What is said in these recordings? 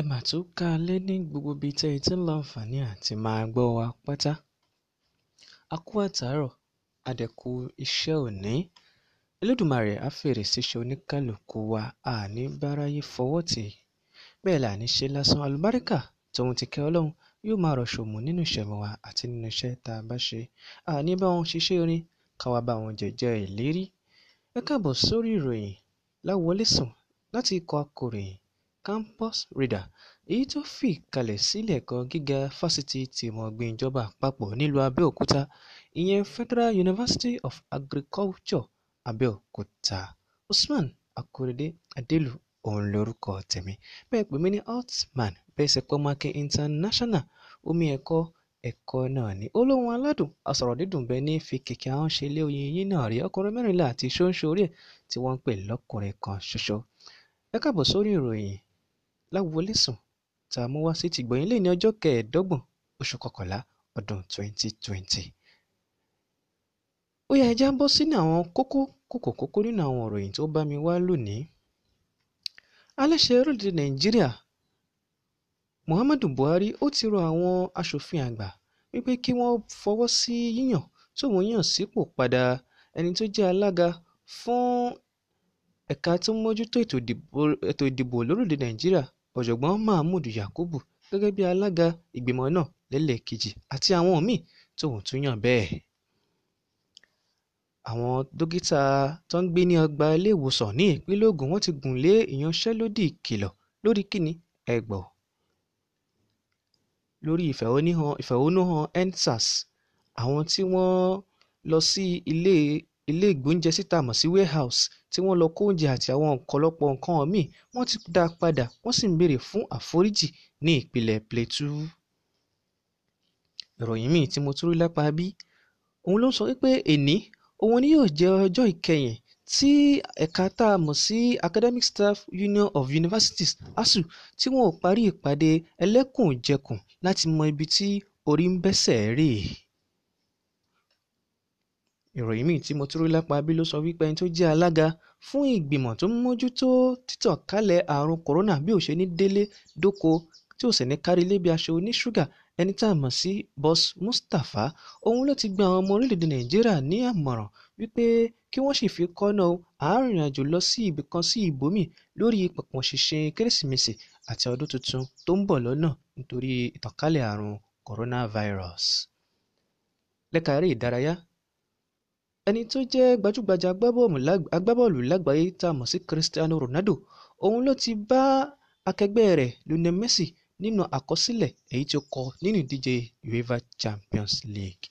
ẹ mà tún ká a lé ní gbogbo ibi tẹ́ ẹ ti ń láǹfààní àti máa gbọ́ wa pátá a kú àtàárọ̀ a dẹ̀ kú iṣẹ́ òní Elédùmarè á fèrè síṣe oníkálukú wa àní báráyé fọwọ́ tì í bẹ́ẹ̀ là ní ṣe lásán àlùbáríkà tòun ti kẹ́ ọlọ́run yóò máa rọ̀ ṣòmù nínú ìṣẹ̀mọ̀ wa àti nínú iṣẹ́ tá a bá ṣe àní bá wọn ṣiṣẹ́ orin káwa bá wọn jẹ́jẹ́ ìlérí ẹ káàbọ̀ sórí ìròyìn láwọlé sùn láti ikọ̀ akọ̀ròyìn Campus reader, èyí tí ó fìkàlẹ̀ sí Ilé ẹ̀kọ́ gíga Fásitì Tìmọ̀ ògbìn Ìjọba Àpapọ̀ nílùú Abẹ́òkúta, ìyẹn Federal University of Agriculture Abẹ́òkúta. Usman Akorede Adeelu òun lorúkọ tèmi, bẹ pè mí ní Altman bẹ́ẹ̀ sì pe ọmọ International, omi ẹ̀kọ́ ẹ̀kọ́ náà ni. Olóhùn aládùn, asọ̀rọ̀ dídùn bẹ ní fi kìkì ahọ́n ṣe ilé oyin yín náà rí ọkùnrin mẹ́rìnlá àti ṣóńṣó orí ẹ̀ tí wọ́n ń pè lọ́kùnrin kan ṣoṣo. Ẹ káàbọ̀ sórí ìròyìn láwọlẹ́sàn tá a mú wá sétíìgbọ̀nyín lẹ́ni ọjọ́ kẹẹ̀ẹ́dọ́gbọ̀n oṣù kọkànlá ọdún 2020. ó yá ẹja ń bọ́ sínú àwọn kókó kókó kókó nínú àwọn ìròyìn tó bá mi wá lónìí. aláṣẹ orílẹ̀-èdè nàìjíríà muhammadu buhari ó ti rọ àwọn asòfin àgbà wípé kí wọ́n fọwọ́ sí yíyàn tóun yàn sípò padà ẹni tó jẹ́ alága fún ẹ̀ka tó mójútó ètò ìdìbò lórílẹ̀ nàìjíríà Ọ̀jọ̀gbọ́n Mahmood Yakubu gẹ́gẹ́ bí alága ìgbìmọ̀ náà lẹ́lẹ́ẹ̀kejì àti àwọn míì tóun tún yàn bẹ́ẹ̀. Àwọn dókítà tó ń gbé ní ọgbà ilé-ìwòsàn ní ìpínlẹ̀ Ògùn wọ́n ti gùn lé ìyanṣẹ́lódì ìkìlọ̀ lórí Kíni ẹ gbọ́? Lórí ìfẹ̀hónúhàn EndSARS àwọn tí wọ́n lọ sí ilé ilé ìgbóúnjẹsí mọ̀ sí warehouse tí wọ́n lọ́ọ́ kó oúnjẹ àti àwọn ọ̀pọ̀lọpọ̀ nǹkan míì wọ́n ti dá a padà wọ́n sì ń béèrè fún àforíjì ní ìpínlẹ̀ plateau. ìròyìn míì tí mo tún rí lápá bí òun ló ń sọ wípé èní òun ni yóò jẹ́ ọjọ́ ìkẹyìn tí ẹ̀ka tá a mọ̀ sí academic staff union of universities asu tí wọn ò parí ìpàdé ẹlẹ́kùnjẹkùn láti mọ ibi tí orí ń bẹ́sẹ̀ rè ìròyìn míì tí mo tún rí lápá bí ló sọ wípé ẹni tó jẹ́ alága fún ìgbìmọ̀ tó ń mójútó títọ̀kálẹ̀ àrùn kòrónà bí ò ṣe ní délé dóko tí ò sì ní kárí ilé aṣọ oníṣúgà ẹni tá a mọ̀ sí Boss Mustapha òun ló ti gba àwọn ọmọ orílẹ̀-èdè Nàìjíríà ní àmọ̀ràn wípé kí wọ́n sì fi kọ́nà àárín àjò lọ sí ibì kan sí ibòmíì lórí pọ̀pọ̀ ṣinṣin kérésìmesì àti ọdún tuntun tó ń bọ̀ lọ́nà nítorí ìtànkálẹ̀ àrùn coronavirus. lẹ́ka eré ìdárayá Ẹni tó jẹ́ gbajúgbajà agbábọ́ọ̀lù lágbàáyé tá a mọ̀ sí Cristiano Ronaldo òun ló ti bá akẹgbẹ́ rẹ̀ Lionel Messi nínú àkọsílẹ̀ èyí tí ó kọ nínú ìdíje UEFA Champions League.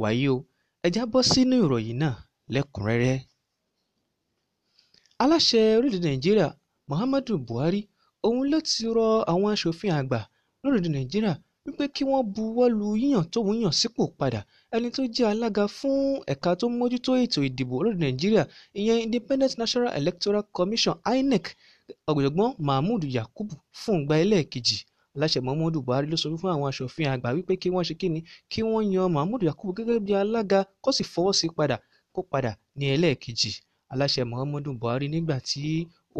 Wàyí o, ẹ já bọ́ sínú ìròyìn náà lẹ́kùnrẹ́rẹ́. Aláṣẹ orílẹ̀-èdè Nàìjíríà Muhammadu Buhari òun ló ti rọ àwọn aṣòfin àgbà lórílẹ̀-èdè Nàìjíríà wípé kí wọ́n buwọ́ lu yíyàn tóun yàn sípò padà ẹni tó jẹ́ alága fún ẹ̀ka tó mójútó ètò ìdìbò lóde nàìjíríà ìyẹn independent national electoral commission inec ọ̀jọ̀gbọ́n mahmood yakubu fúngbà ẹlẹ́ẹ̀kejì aláṣẹ muhammadu buhari ló sọ fún àwọn aṣòfin àgbà wípé kí wọ́n ṣe kíni kí wọ́n yan mahmood yakubu gẹ́gẹ́ bí alága kó sì fọwọ́ sí padà kó padà ní ẹlẹ́ẹ̀kejì aláṣẹ muhammadu buhari nígbà tí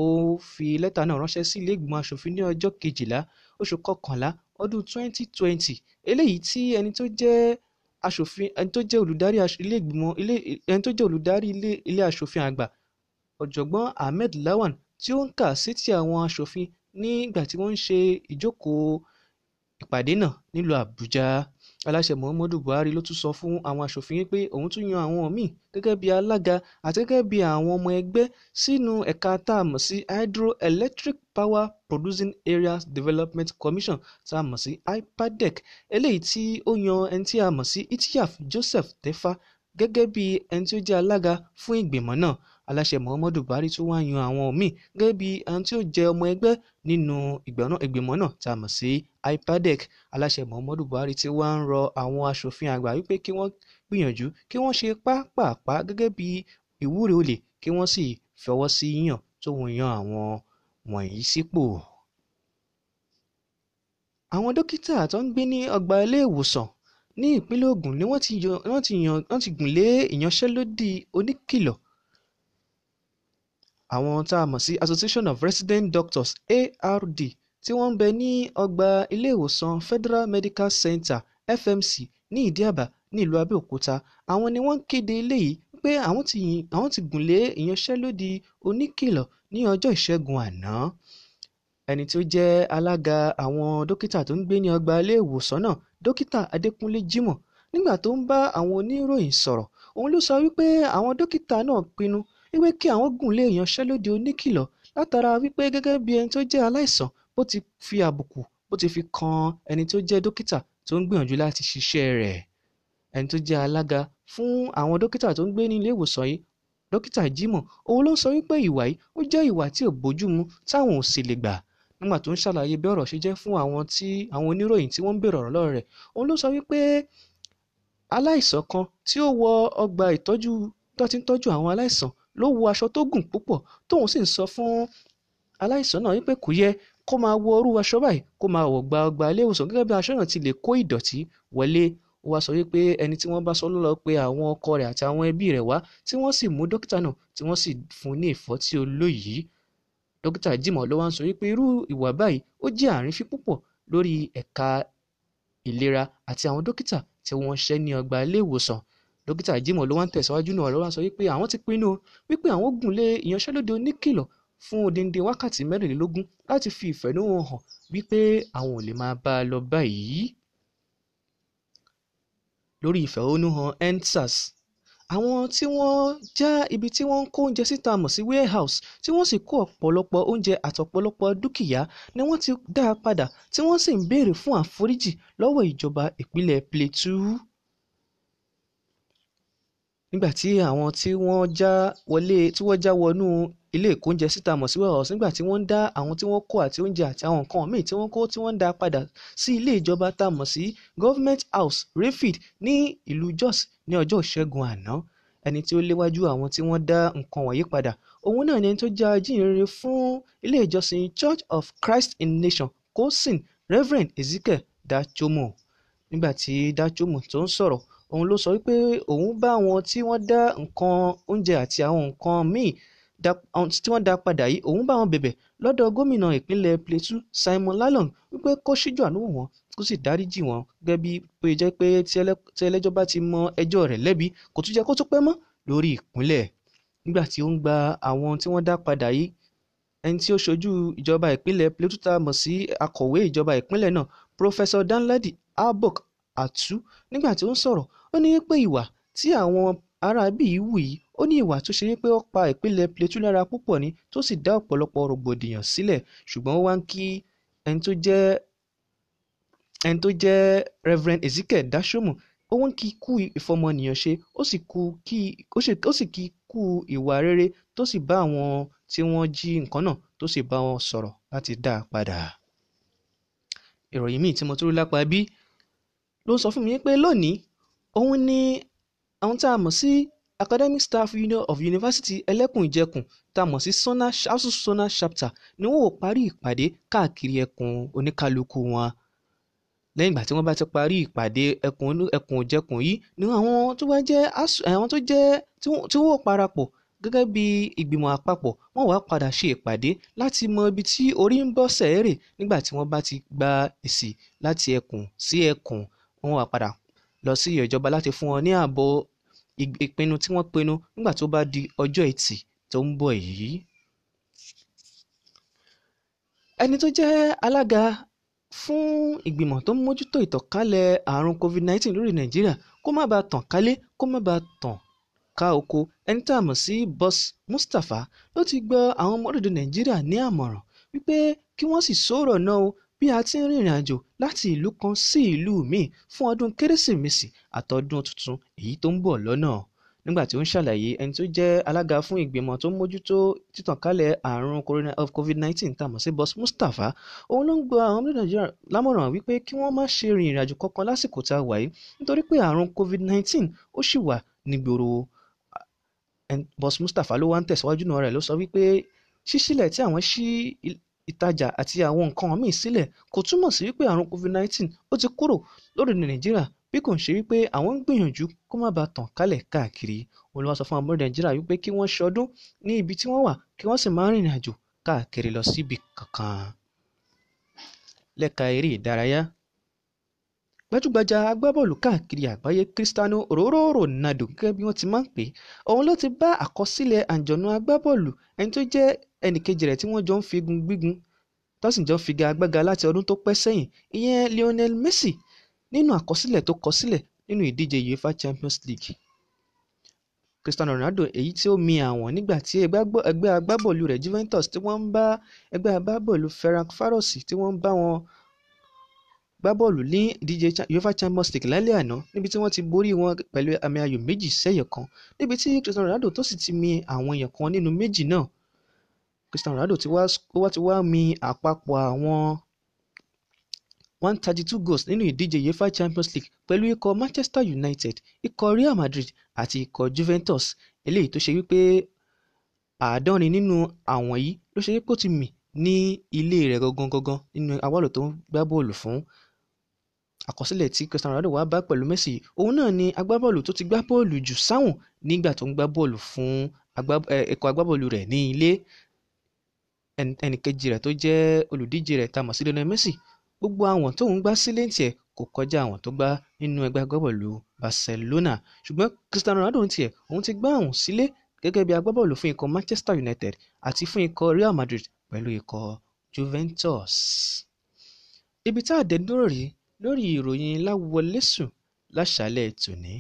ó fi lẹ́tà náà ránṣẹ́ sí ilé ìgbìmọ̀ aṣòfin ní ọjọ́ kejìlá oṣù kọkànlá ọdún 2020 eléyìí tí ẹni tó jẹ́ aṣòfin ẹni tó jẹ́ olùdarí ilé ìgbìmọ̀ ilé ẹni tó jẹ́ olùdarí ilé ilé àgbà ọ̀jọ̀gbọ́n Ahmed Lawan tí ó ń kà sétí àwọn aṣòfin nígbà tí wọ́n ń ṣe ìjókòó ìpàdé náà nílùú Àbújá aláṣẹ muhammadu buhari ló tún sọ fún àwọn aṣòfin pé òun tún yan àwọn míì gẹ́gẹ́ bí alága àti gẹ́gẹ́ bí àwọn ọmọ ẹgbẹ́ sínú ẹ̀ka tá a mọ̀ sí hydroelectric power producing areas development commission tá a mọ̀ sí ipadec eléyìí tí ó yan ẹni tí a mọ̀ sí ityaf joseph tefa gẹ́gẹ́ bí ẹni tí ó jẹ́ alága fún ìgbìmọ̀ náà aláṣẹ muhammadu buhari tún wáá yan àwọn míì gẹ́gẹ́ bí àwọn tí ó jẹ́ ọmọ ẹgbẹ́ nínú ìgbìmọ̀ náà tá a mọ̀ sí ipadec aláṣẹ muhammadu buhari ti wá ń rọ àwọn asòfin àgbà wípé kí wọ́n gbìyànjú kí wọ́n ṣe pápápá gẹ́gẹ́ bí ìwúre olè kí wọ́n sì fọwọ́ sí yíyàn tóun yan àwọn wọ̀nyí sípò àwọn dókítà tó ń gbé ní ọgbà ilé ìwòsàn ní ìpínlẹ̀ Ògùn ni wọ́n ti gùn lé ìyanṣẹ́lódì oníkìlọ̀ àwọn tá a mọ̀ sí association of resident doctors ard tí wọ́n ń bẹ ní ọgbà iléèwòsàn federal medical center fmc ní ìdíàbá nílùú abẹ́òkúta àwọn ni wọ́n kéde eléyìí pé àwọn ti àwọn ti gùn lé ìyanṣẹ́lódì oníkìlọ̀ ní ọjọ́ ìṣẹ́gun àná ẹni tí ó jẹ́ alága àwọn dókítà tó ń gbé ní ọgbà iléèwòsàn náà dókítà adékúnlé jimoh nígbà tó ń bá àwọn oníròyìn sọ̀rọ̀ òun ló sọ wípé àwọn dókítà náà pinnu wípé kí àwọn gùnlé ìyanṣẹ́lódì oníkìlọ̀ látara wípé gẹ́gẹ́ bí ẹni tó jẹ́ aláìsàn bó ti fi àbùkù bó ti fi kan ẹni tó jẹ́ dókítà tó ń gbìyànjú láti ṣiṣẹ́ rẹ̀ ẹni tó jẹ́ alága fún àwọn dókítà tó ń gbé ní ilé ìwòsàn yìí dókítà Jimoh òun ló ń sọ wípé ìwà yìí ó jẹ́ ìwà tí ò bójúmu táwọn ò sì lè gbà nígbà tó ń ṣàlàyé bí ọ̀rọ̀ ṣe jẹ́ fún àwọn tí àwọn oníròyìn tí wọ́n ń bèrè ọ̀rọ̀ lọ́rọ̀ rẹ̀ òun ló sọ wípé aláìsàn kan tí ó wọ ọgbà ìtọ́jú tó ti ń tọ́jú àwọn aláìsàn ló wọ aṣọ tó gùn púpọ̀ tóun sì ń sọ fún aláìsàn náà wípé kò yẹ kó máa wọ irú aṣọ báyìí kó máa wọ̀ gba ọgbà ilé ìwòsàn gẹ́gẹ́ bí aṣọ náà ti lè kó ìdọ̀tí wọlé ó wá sọ wípé ẹni tí wọ́n bá sọ lọ́lọ́ pé àwọn ọkọ rẹ̀ àti àwọn ẹbí rẹ̀ wá tí wọ́n sì mú dókítà náà tí wọ́n sì fún ní ìfọ́tí olóyìí dókítà jimoh ló wá ń sọ wípé irú ìwà báyìí ó jẹ́ àrífín púpọ̀ lórí ẹ̀ka ìlera àti àwọn dókítà tí wọ́n ṣẹ́ ní ọgbà ilé ìwòsàn dókítà Jimoh ló wá ń tẹ̀síwájú náà ló wá sọ wípé àwọn ti pinnu wípé àwọn gùn lé ìyanṣẹ́lódì oníkìlọ̀ fún odindi wákàtí mẹ́rìnlélógún láti fi ìfẹ̀hónúhàn hàn wípé àwọn ò lè máa bá a lọ báyìí. lórí ìfẹ̀hónúhàn EndSARS àwọn tí wọ́n já ibi tí wọ́n ń kó oúnjẹ síta mọ̀ sí warehouse tí wọ́n sì kó ọ̀pọ̀lọpọ̀ oúnjẹ àtọ̀pọ̀lọpọ̀ dúkìá ni wọ́n ti dá a padà tí wọ́n sì ń béèrè fún àforíjì lọ́wọ́ ìjọba ìpínlẹ̀ Plateau nígbà tí àwọn tí wọ́n já wọlé tí wọ́n já wọnú ilé ìkóúnjẹ síta mọ̀ sí warehouse nígbà tí wọ́n ń dá àwọn tí wọ́n kó àti oúnjẹ àti àwọn nǹkan míì tí wọ́n kó tí wọ́n ń dá padà sí ilé ìjọba tá a mọ̀ sí government house refit ní ìlú Jos ní ọjọ́ ìṣẹ́gun àná ẹni tí ó léwájú àwọn tí wọ́n dá nǹkan wọ̀nyí padà òun náà ni ẹni tó jẹ́ ajínrere fún ilé ìjọsìn Church of Christ in Nation Kosin Reverend Ezekiel Dachomo nígbà tí Dachomo tó ń sọ̀rọ̀ òun ló sọ wípé òun bá àwọn tí wọ́n dá nǹkan oúnjẹ àti àwọn nǹkan míì tí wọ́n dá padà yìí òun bá wọn bẹ̀bẹ̀ lọ́dọ̀ gómìnà ìpínlẹ̀ Plateau Simon Lalong wípé kó ṣíjú àánú wò wọ́n kó sì dáríjì wọ́n gẹ́gẹ́ bí pé jẹ́ pé tí ẹlẹ́jọ́ bá ti mọ ẹjọ́ rẹ̀ lẹ́bi kò tún jẹ́ kó tún pẹ́ mọ́ lórí ìpínlẹ̀ nígbà tí ó ń gba àwọn tí wọ́n dá padà yìí ẹni tí ó ṣojú ìjọba ìpínlẹ̀ Plateau tá a sí akọ̀wé ìjọba ìpínlẹ̀ náà Professor Danladi Abok Atu nígbà tí ó ń sọ̀rọ̀ ó ní pé ìwà tí àwọn aráabí yìí hù yìí ó ní ìwà tó ṣe wípé ó pa ìpínlẹ̀ plateau lára púpọ̀ ni tó sì dá ọ̀pọ̀lọpọ̀ rògbòdìyàn sílẹ̀ ṣùgbọ́n ó wá ń kí ẹni tó jẹ́ ẹni tó jẹ́ reverend ezekiel dashomu ó ń kí kú ìfọmọnìyàn ṣe ó sì kú kí ó sì kí kú ìwà rere tó sì bá àwọn tí wọ́n jí nǹkan náà tó sì bá wọn sọ̀rọ̀ láti dá a padà. ìròyìn míì tí mo tún rí lápá bí ló sọ fún mi pé lónìí Òun ni àwọn tá a mọ̀ sí Academic Staff Union of University ẹlẹ́kùnjẹkùn tá a mọ̀ sí ASUU SONA Chapter ni wọn ó parí ìpàdé káàkiri ẹkùn oníkálukú wọn. Lẹ́yìn ìgbà tí wọ́n bá ti parí ìpàdé ẹkùnjẹkùn yìí ni àwọn tó bá jẹ́ àwọn tó jẹ́ tí wọ́n ó parapọ̀ gẹ́gẹ́ bí ìgbìmọ̀ àpapọ̀ wọ́n wá padà ṣe ìpàdé láti mọ ibi tí orí ń bọ́ sẹ́ẹ̀rẹ̀ nígbà tí wọ́n bá ti gba èsì láti ẹkùn sí ẹkùn wọ́n wá padà lọ sí ìyọ̀ ìjọba láti fún wọn ní ààbò ìpinnu tí wọ́n pinnu nígbà tó bá di ọjọ́ ẹtì tó ń bọ̀ yìí. ẹni tó jẹ́ alága fún ìgbìmọ̀ tó ń mójútó ìtànkálẹ̀ àrùn covid-19 lórí nàìjíríà kó má bàa tàn kálé kó má bàa tàn ká oko ẹni tá a sí Boss Mustapha ló ti gba àwọn ọmọ orílẹ̀-èdè nàìjíríà ní àmọ̀ràn wípé kí wọ́n sì sọ̀rọ̀ náà bí a ti ń rìnrìn àjò láti ìlú kan sí ìlú míì fún ọdún kérésìmesì àtọdún tuntun èyí tó ń bọ̀ lọ́nà nígbà tí ó ń ṣàlàyé ẹni tó jẹ́ alága fún ìgbìmọ̀ tó ń mójútó títànkálẹ̀ àrùn corona of covid nineteen, tá a sí boss mustapha òun ló ń gba àwọn ọmọdé nàìjíríà lámọ̀ràn wípé kí wọ́n má ṣe rin ìrìn àjò kankan lásìkò tá a wà yìí nítorí pé àrùn covid nineteen, ó ṣì wà nígboro boss mustapha ló wá ń tẹ̀síwájú náà rẹ̀ ló sọ wípé ṣíṣílẹ̀ tí àwọn ṣí ìtajà àti àwọn nǹkan míì sílẹ̀ kò túmọ̀ sí wípé àrùn covid-19 ó ti kúrò lórílẹ̀ nàìjíríà bí kò ń ṣe wípé àwọn ń gbìyànjú kó má bàa tàn kálẹ̀ káàkiri olúwa sọ fún àwọn ọmọ nàìjíríà wípé kí wọ́n ṣọdún ní ibi tí wọ́n wà kí wọ́n sì máa rìnrìn àjò káàkiri lọ síbi kankan lẹ́ka eré ìdárayá gbajúgbajà agbábọ́ọ̀lù káàkiri àgbáyé Cristiano Ororo Ronaldo gẹ́gẹ́ bí wọ́n ti máa ń pè é òun ló ti bá àkọsílẹ̀ àǹjọ̀nú agbábọ́ọ̀lù ẹni tó jẹ́ ẹnìkejì rẹ̀ tí wọ́n jọ ń figun gbígun tó sì jọ ń figagbága láti ọdún tó pẹ́ sẹ́yìn ìyẹn Lionel Messi nínú àkọsílẹ̀ tó kọ sílẹ̀ nínú ìdíje UEFA Champions League Cristiano Ronaldo èyí tí ó mi àwọn nígbà tí ẹgbẹ́ agbábọ́ọ̀lù rẹ̀ Juventus tí wọ́n ń bá ẹgbẹ́ agbábọ́ọ̀lù Ferencvaros tí wọ́n ń bá wọn gbá bọ́ọ̀lù ní ìdíje uefa champions league lálẹ́ àná níbi tí wọ́n ti borí wọn pẹ̀lú àmì ayò méjì sẹ́yọ kan níbi tí cristiano ronaldo tó sì ti mi àwọn èèyàn kan nínú méjì náà cristiano ronaldo ti wá ti wá mi àpapọ̀ àwọn one thirty two goals nínú ìdíje uefa champions league pẹ̀lú ikọ̀ manchester united ikọ̀ real madrid àti ikọ̀ juventus eléyìí tó ṣe wípé àádọ́rin nínú àwọn yìí ló ṣe wípé ó ti mì ní ilé rẹ̀ gangan gangan nínú awárò tó ń gbá bọ́ọ̀lù fún àkọsílẹ̀ tí Cristiano Ronaldo wá bá pẹ̀lú Messi òun náà ni agbábọ́ọ̀lù tó ti gbá bọ́ọ̀lù jù sáwọn nígbà tó ń gbá bọ́ọ̀lù fún ẹ̀kọ́ agbábọ́ọ̀lù rẹ̀ ní ilé ẹnìkejì rẹ̀ tó jẹ́ olùdíje rẹ̀ tá sí Lionel Messi gbogbo àwọn tó ń gbá sílé tiẹ̀ kò kọjá àwọn tó gbá nínú ẹgbẹ́ agbábọ́ọ̀lù Barcelona ṣùgbọ́n Cristiano Ronaldo tiẹ̀ òun ti gbá àwọn sílé gẹ́gẹ́ bí agbábọ́ọ̀lù Manchester United àti fún Real Madrid pẹ̀lú ikọ̀ Juventus ibi tá a rèé lórí ìròyìn láwọlé-sùn láṣàálẹ̀ tòní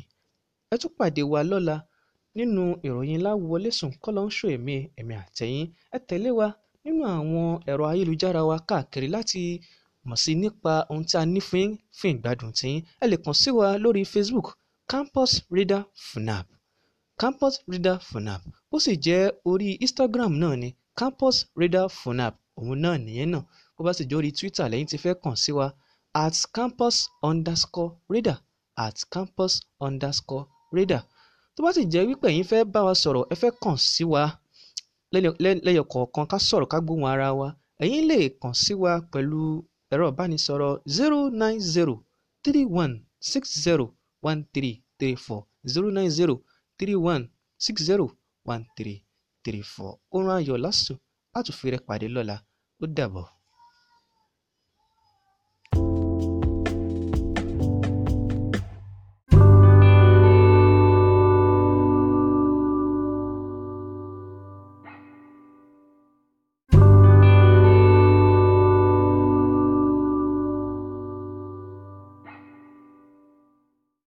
ẹ tún pàdé wa lọ́la nínú ìròyìn láwọlé-sùn kọ́lọ́ńṣó èmi èmi àtẹ̀yìn ẹ tẹ̀lé wa nínú àwọn ẹ̀rọ ayélujára wa káàkiri láti mọ̀ sí nípa ohun tí a ní fún fún ìgbádùn tiyín ẹ lè kàn sí wa lórí Facebook Campus Reader Funab Campus Reader Funab ó sì jẹ́ orí Instagram náà ni Campus Reader Funab òun náà nìyẹn náà bó bá sì jẹ́ orí Twitter lẹ́yìn tí fẹ́ kàn sí wa at campus underscore radar at campus underscore radar tó bá sì jẹ́ wípé ẹ̀yin fẹ́ bá wa sọ̀rọ̀ ẹ fẹ́ kàn sí wa lẹ́yọ kọ̀ọ̀kan ká sọ̀rọ̀ ká gbóhùn ara wa ẹ̀yin lè kàn sí wa pẹ̀lú ẹ̀rọ ìbánisọ̀rọ̀ zero nine zero three one six zero one three three four zero nine zero three one six zero one three three four ó rán ayọ̀ lásùn á tún fi rẹ pàdé lọ́la ó dàbọ̀.